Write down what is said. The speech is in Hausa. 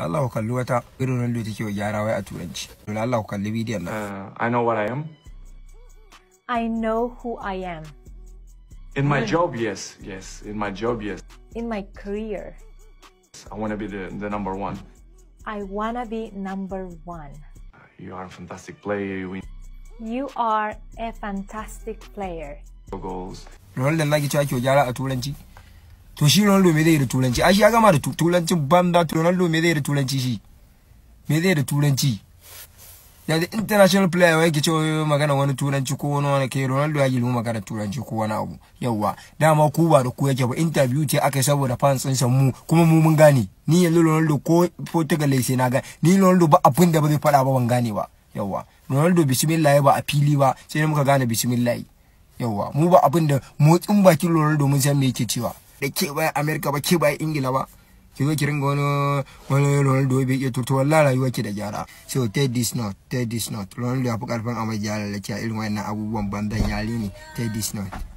Allah irin take wai a turanci Allah uh, I know what I am I know who I am In my hmm. job yes yes in my job yes In my career I want to be the, the number one I want to be number one uh, You are a fantastic player you win You are a fantastic player Goals to shi Ronaldo me zai da turanci ai shi ya gama da turancin banda Ronaldo me zai da turanci shi me zai da turanci da international player wai ke cewa magana wani turanci ko wani wani kai Ronaldo ya gilmu magana turanci ko wani abu yawa dama ku ba da ku yake ba interview ce aka saboda fans din mu kuma mu mun gane ni yanzu Ronaldo ko Portugal sai na ga ni Ronaldo ba abin da ba zai fada ba ban gane ba yawa Ronaldo bismillah ba a fili ba sai muka gane bismillah yawa mu ba abin da motsin bakin Ronaldo mun san me yake cewa da ke baya amerika ba ke baya ingila ba ki zo ki ringa wani wani ronaldo bai iya turto walla rayuwa ki da gyara so take this not take this not ronaldo ya fi karfin amma gyara a irin wayannan abubuwan bandan yari ne take this not